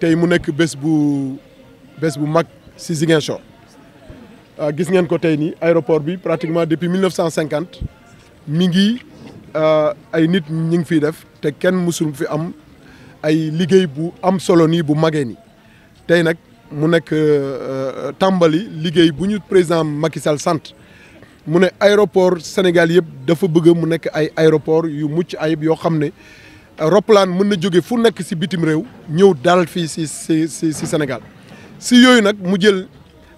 tey mu nekk bés bu bés bu mag si Ziguinchor ah, gis ngeen ko tey nii aéroport bi pratiquement depuis 1950 mi ngi ah, ay nit ñi ngi fi def te kenn mësul fi am ay liggéey bu am solo nii bu magee nii tey nag mu nekk ah, tàmbali liggéey bu ñu président Macky Sall sant mu ne aéroport Sénégal yëpp dafa bëgg mu nekk ay aéroport yu mucc ayib yoo xam ne. roplaan mën na jóge fu nekk si bitim réew ñëw daal fii si si si si Sénégal si yooyu nag mu jël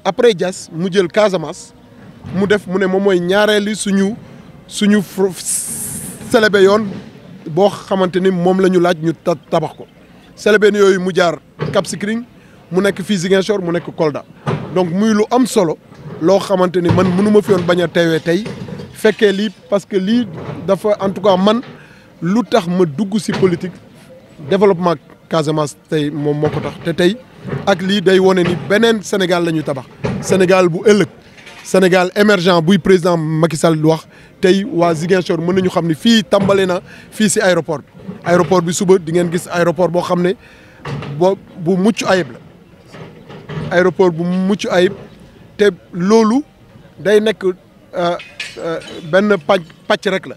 après Diass mu jël Casamance mu def mu ne moom mooy ñaareeli suñu suñu selebe yoon boo xamante ni moom la ñu laaj ñu tabax ko selebeen yooyu mu jaar Cap Skirring mu nekk fii Ziguinchor mu nekk Kolda donc muy lu am solo loo xamante ni man mënu ma fi woon bañ a teewee tey fekkee lii parce que lii dafa en tout cas man lutax ma dugg ci politique développement Casamance tay mom moko tax te tay ak li day woné ni benen Sénégal lañu ñu tabax Sénégal bu ëllëg Sénégal émergent bu président Macky Sall di wax tey waa Ziguinchor mën nañu xam ne na fi ci aéroport aéroport bi suba di ngeen gis aéroport bo xamné ne bu muccu ayib la aéroport bu mucho ayib te lolu day nekk euh, euh, benn pàcc patch rek la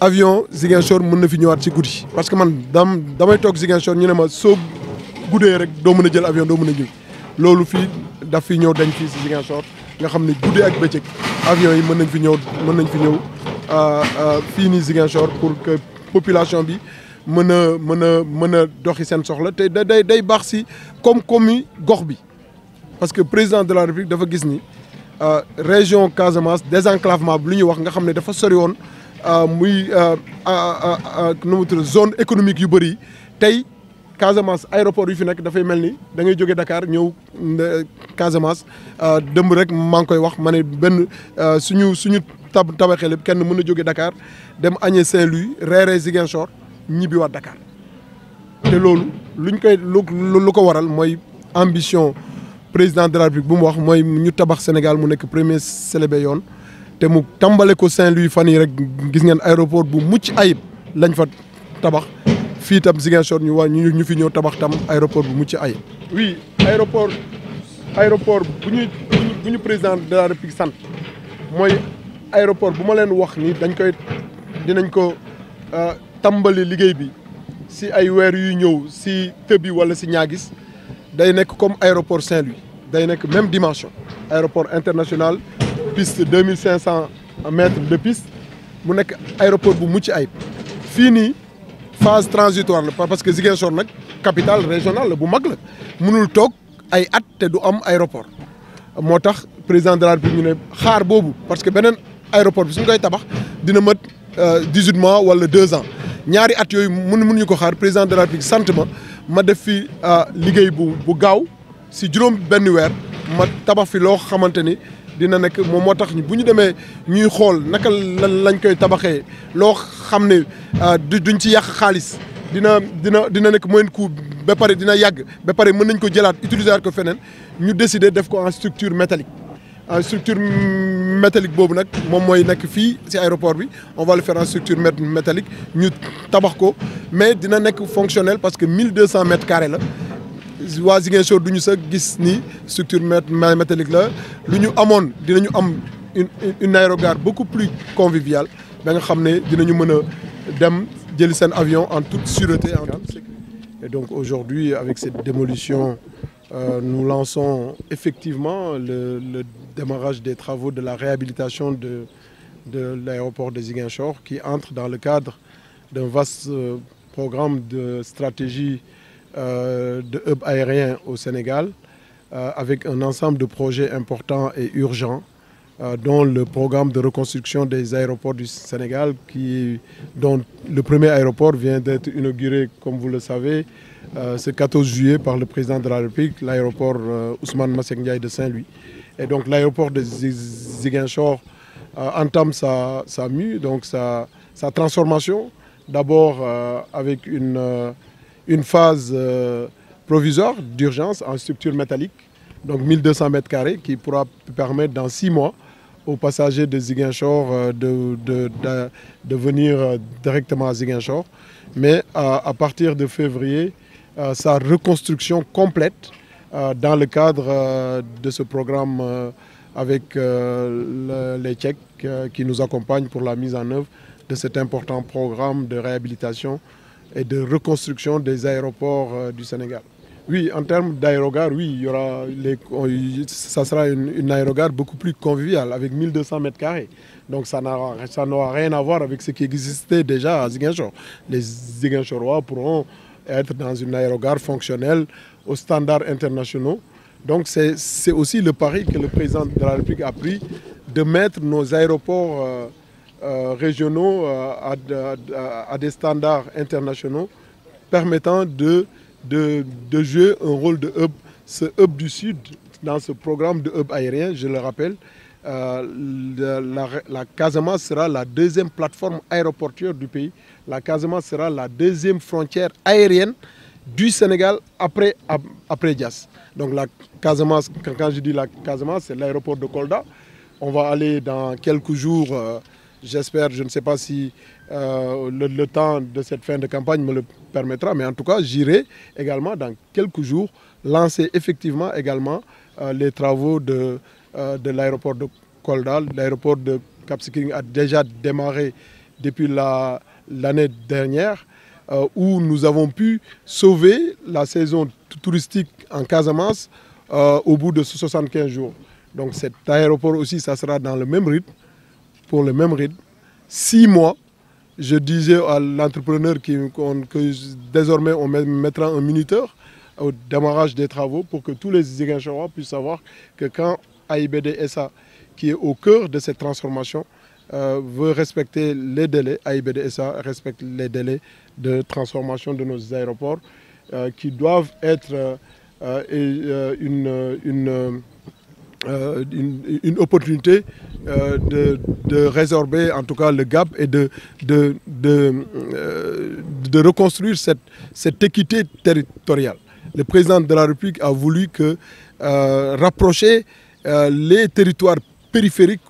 avion Ziguinchor mën na fi ñëwaat ci goudi parce que man dam damay tok Ziguinchor ñu ne ma soo guddee rek do mëna jël avion do mëna a lolu fi fii daf fi ñëw dañ ci si Ziguinchor nga xam goudé ak bëcëk avion yi mën fi ñëw mën fi ñëw euh, euh, fii nii Ziguinchor pour que population bi mëna mëna mëna doxi seen soxla te da day day baax si comme koomi gox bi parce que président de la République dafa gis ni euh, région Casamance désenclavement bi lu ñuy wax nga xam dafa sori won euh, muy euh, euh, nu mu zone économique yu tay yi Casamance aéroport yu fi nek da fay melni da ngay jógee Dakar ñëw Casamance dëmb rek mang koy wax mané ben euh, suñu suñu tab tabaxee lépp kenn mën Dakar dem agné Saint-Louis réré Ziguinchor wa Dakar té lolu luñ koy lu ko waral moy ambition président de la République bu mu wax moy ñu tabax Sénégal mu nek premier célébé te mu tàmbale ko Saint-Louis fan yi rek gis ngeen aéroport bu mucc ayib lañ fa tabax fii tam Ziguinchor ñu waa ñu fi ñëw tabax tam aéroport bu mucc ayib. oui aéroport aéroport bu ñu bu ñu président de la République sant mooy aéroport bu ma leen wax ni dañ koy dinañ ko euh, tàmbali liggéey bi si ay weer yuy ñëw si tëbi wala si ñaagis day nekk comme aéroport Saint-Louis day nekk même dimension aéroport international. piste 2500 mètres de piste mu nekk aéroport bu mucc ayib fii phase transitoire parce que Ziguinchor nag capitale régionale le bu mag la mënul toog ay at te du am aéroport moo président de la République ñu ne xaar boobu parce que beneen aéroport bi suñu koy tabax dina mat 18 euh, mois wala 2 ans ñaari at yooyu mun mënuñu ko xaar président de la République sant ma ma def fi euh, liggéey bu bu gaaw si juróom benn weer ma tabax fi loo xamante dina nek mom motax tax bu ñu ñuy xol naka lan lañ koy tabaxé lo xamné euh, duñ ci yak xaalis dina dina dina nek moyen coup ba pare dina yag ba pare mën nañ ko jëlat utiliser ko fenen ñu décider def ko en structure métallique. en structure métallique bobu nak mom moy nek fi ci aéroport bi on va le faire en structure métallique ñu tabax ko mais dina nek fonctionnel parce que 1200 mètres carrés la. Ziguinchor du est gis ni structure métallique la lu dinañu une aérogare beaucoup plus conviviale ba nga dinañu avion en toute sûreté Et donc aujourd'hui, avec cette démolition, euh, nous lançons effectivement le, le, démarrage des travaux de la réhabilitation de, de l'aéroport de Ziguinchor qui entre dans le cadre d'un vaste euh, programme de stratégie euh, de hub aérien au Sénégal euh, avec un ensemble de projets importants et urgents euh, dont le programme de reconstruction des aéroports du Sénégal, qui, dont le premier aéroport vient d'être inauguré, comme vous le savez, ce 14 juillet par le président de la République, l'aéroport Ousmane Masek de Saint-Louis. Et donc l'aéroport de Ziguinchor entame sa, sa mue, donc sa, sa transformation, d'abord avec une une phase euh, provisoire d'urgence en structure métallique, donc 1200 mètres carrés, qui pourra permettre dans six mois aux passagers de Ziguinchor euh, de, venir euh, directement à Ziguinchor. Mais à, partir de février, sa reconstruction complète dans le cadre de ce programme avec les Tchèques qui nous accompagnent pour la mise en œuvre de cet important programme de réhabilitation et de reconstruction des aéroports euh, du Sénégal. Oui, en termes d'aérogare, oui, il y aura ça sera une, aérogare beaucoup plus conviviale avec 1200 mètres carrés. Donc ça n'aura rien à voir avec ce qui existait déjà à Ziguinchor. Les Ziguinchorois pourront être dans une aérogare fonctionnelle aux standards internationaux. Donc c'est aussi le pari que le président de la République a pris de mettre nos aéroports euh, euh, régionaux euh, à, des standards internationaux permettant de, de, jouer un rôle de hub. Ce hub du Sud, dans ce programme de hub aérien, je le rappelle, euh, la, la sera la deuxième plateforme aéroportuaire du pays. La Casamance sera la deuxième frontière aérienne du Sénégal après, après Dias. Donc la Casamance, quand je dis la Casamance, c'est l'aéroport de Kolda. On va aller dans quelques jours J'espère, je ne sais pas si euh, le, temps de cette fin de campagne me le permettra, mais en tout cas, j'irai également dans quelques jours lancer effectivement également euh, les travaux de, euh, de l'aéroport de Coldal. L'aéroport de Cap a déjà démarré depuis l'année dernière, où nous avons pu sauver la saison touristique en Casamance au bout de 75 jours. Donc cet aéroport aussi, ça sera dans le même rythme pour le même rythme, six mois, je disais à l'entrepreneur que désormais on mettra un minuteur au démarrage des travaux pour que tous les Ziguinchorois puissent savoir que quand AIBD SA, qui est au cœur de cette transformation, euh, veut respecter les délais, AIBD SA respecte les délais de transformation de nos aéroports euh, qui doivent être euh, une, une, une, opportunité euh, de, résorber en tout cas le gap et de, de, euh, de, reconstruire cette, cette, équité territoriale. Le président de la République a voulu que, euh, rapprocher les territoires périphériques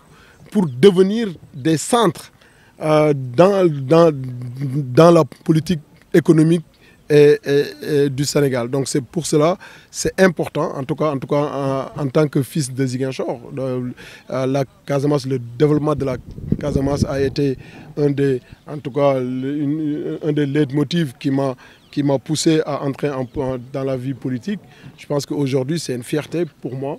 pour devenir des centres dans, dans, dans la politique économique et, du Sénégal. Donc c'est pour cela, c'est important, en tout cas en, tout cas, en, tant que fils de Ziguinchor. Le, euh, euh, la le développement de la Casamance a été un des, en tout cas, un des leitmotifs qui m'a qui m'a poussé à entrer en, dans la vie politique. Je pense qu'aujourd'hui, c'est une fierté pour moi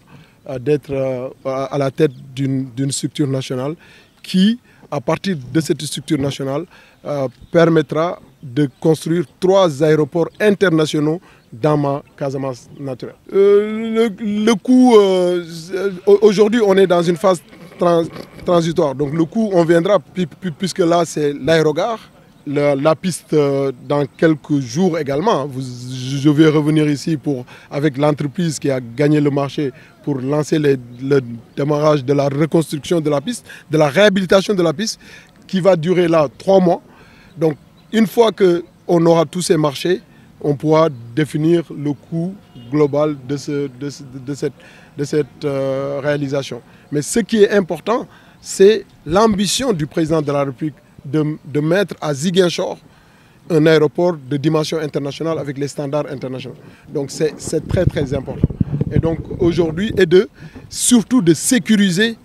euh, d'être à la tête d'une structure nationale qui à partir de cette structure nationale, euh, permettra de construire trois aéroports internationaux dans ma Casamance naturelle. Euh, le, coût, euh, aujourd'hui on est dans une phase transitoire, donc le coût on viendra puisque là c'est l'aérogare, la, piste euh, dans quelques jours également. je vais revenir ici pour, avec l'entreprise qui a gagné le marché pour lancer le démarrage de la reconstruction de la piste, de la réhabilitation de la piste qui va durer là trois mois. Donc une fois qu'on aura tous ces marchés, on pourra définir le coût global de, cette, euh, réalisation. Mais ce qui est important, c'est l'ambition du président de la République de, mettre à Ziguinchor un aéroport de dimension internationale avec les standards internationaux. Donc c'est très très important. Et donc aujourd'hui, et de surtout de sécuriser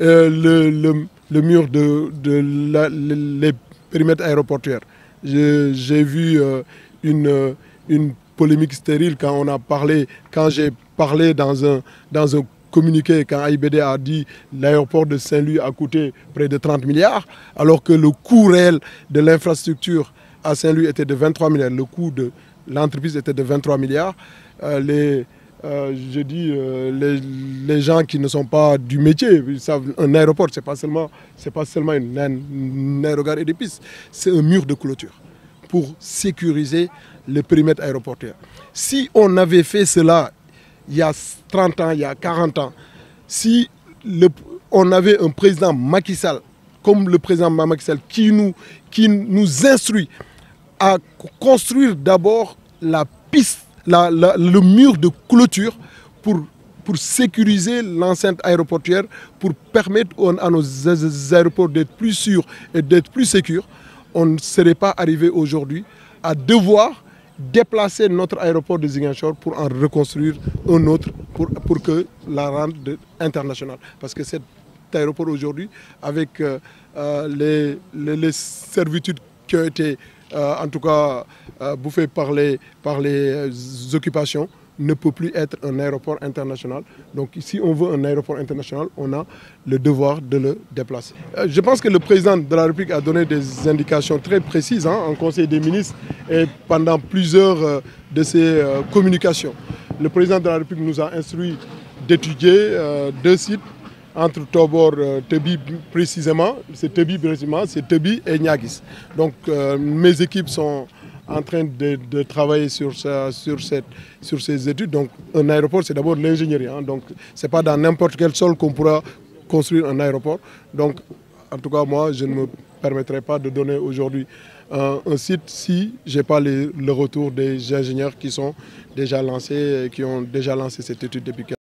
euh, le, le, le, mur de, de la, les périmètres aéroportuaires. J'ai vu euh, une, une polémique stérile quand on a parlé, quand j'ai parlé dans un, dans un communiqué quand AIBD a dit l'aéroport de Saint-Louis a coûté près de 30 milliards, alors que le coût réel de l'infrastructure à Saint-Louis était de 23 milliards. Le coût de l'entreprise était de 23 milliards. Euh, les, euh, je dis, euh, les, gens qui ne sont pas du métier, ils savent, un aéroport, ce n'est pas seulement, pas seulement une, aérogare et des pistes, c'est un mur de clôture pour sécuriser les périmètre aéroportuaire. Si on avait fait cela il y a 30 ans, il y a 40 ans. Si on avait un président Macky Sall, comme le président Macky Sall, qui nous, qui nous instruit à construire d'abord la piste, le mur de clôture pour, pour sécuriser l'enceinte aéroportuaire, pour permettre à nos aéroports d'être plus sûrs et d'être plus sûrs, on ne serait pas arrivé aujourd'hui à devoir déplacer notre aéroport de Ziguinchor pour en reconstruire un autre pour, pour que la rende internationale. Parce que cet aéroport aujourd'hui, avec euh, euh, les, servitudes qui ont été euh, en tout cas bouffées par les occupations, ne peut plus être un aéroport international. Donc si on veut un aéroport international, on a le devoir de le déplacer. Euh, je pense que le président de la République a donné des indications très précises hein, en Conseil des ministres et pendant plusieurs euh, de ses euh, communications. Le président de la République nous a instruit d'étudier deux sites entre Tobor, Tebi précisément, c'est Tebi précisément, c'est Tebi et Niagis. Donc mes équipes sont en train de, travailler sur, sur, ces études. Donc un aéroport, c'est d'abord l'ingénierie. Hein. donc ce n'est pas dans n'importe quel sol qu'on pourra construire un aéroport. Donc en tout cas, moi, je ne me permettrai pas de donner aujourd'hui euh, un, site si je n'ai pas le retour des ingénieurs qui sont déjà lancés, qui ont déjà lancé cette étude depuis